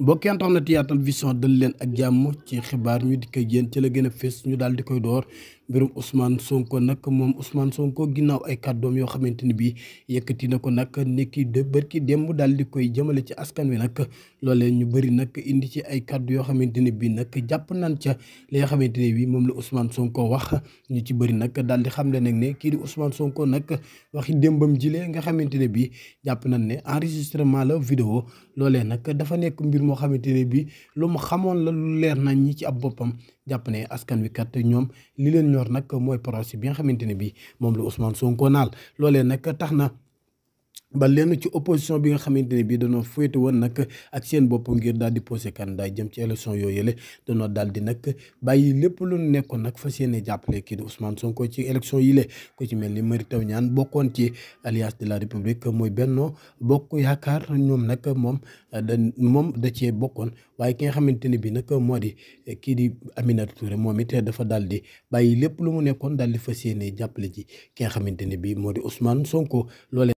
mbokk yi na Yatal Vision dal leen ak jàmm ci xibaar ñu di koy yéen ci la gën a fés ñu daal di koy door mbirum Ousmane Sonko nag moom Ousmane Sonko ginnaaw ay kaddoom yoo xamante ni bii yëkkati na ko nag nekki de bërki démb daal di koy jëmale ci askan wi nag loolee ñu bëri nag indi ci ay kaddu yoo xamante ni bii nag jàpp nañ ca li xamante ne bii moom la Ousmane Sonko wax ñu ci bëri nag daal di xam xamle nag ne kii di Ousmane Sonko nag waxi démbam jilee nga xamante ne bii jàpp nañ ne enregistrement la vidéo loole nag dafa nekk mbir moo xamante ne bii lu mu xamoon la lu leer nañ ñi ci ab boppam jàpp ne askan wi ñoo yor nag mooy procès bi nga xamante ne bi moom la Ousmane Sonko naal loolee nag tax na ba lenn ci opposition bi nga xamante ne bii dañoo féete woon nag ak seen bopp ngir daal di posé candidat jëm ci élection yooyu yële dañoo daal di nag bàyyi lépp lu nekkoon nag fas yéene jàppale kii di Ousmane Sonko ci élection yi la ku ci mel ni Mary Teuw Niane bokkoon ci alliance la république mooy Benno Bokk Yaakaar ñoom nag moom da moom da cee bokkoon waaye ki xamante ne bii nag moo di kii di Aminata Touré moom it dafa daal di bàyyi lépp lu mu nekkoon daal di fas yéene jàppale ji ki nga xamante bii moo di Ousmane Sonko loolee.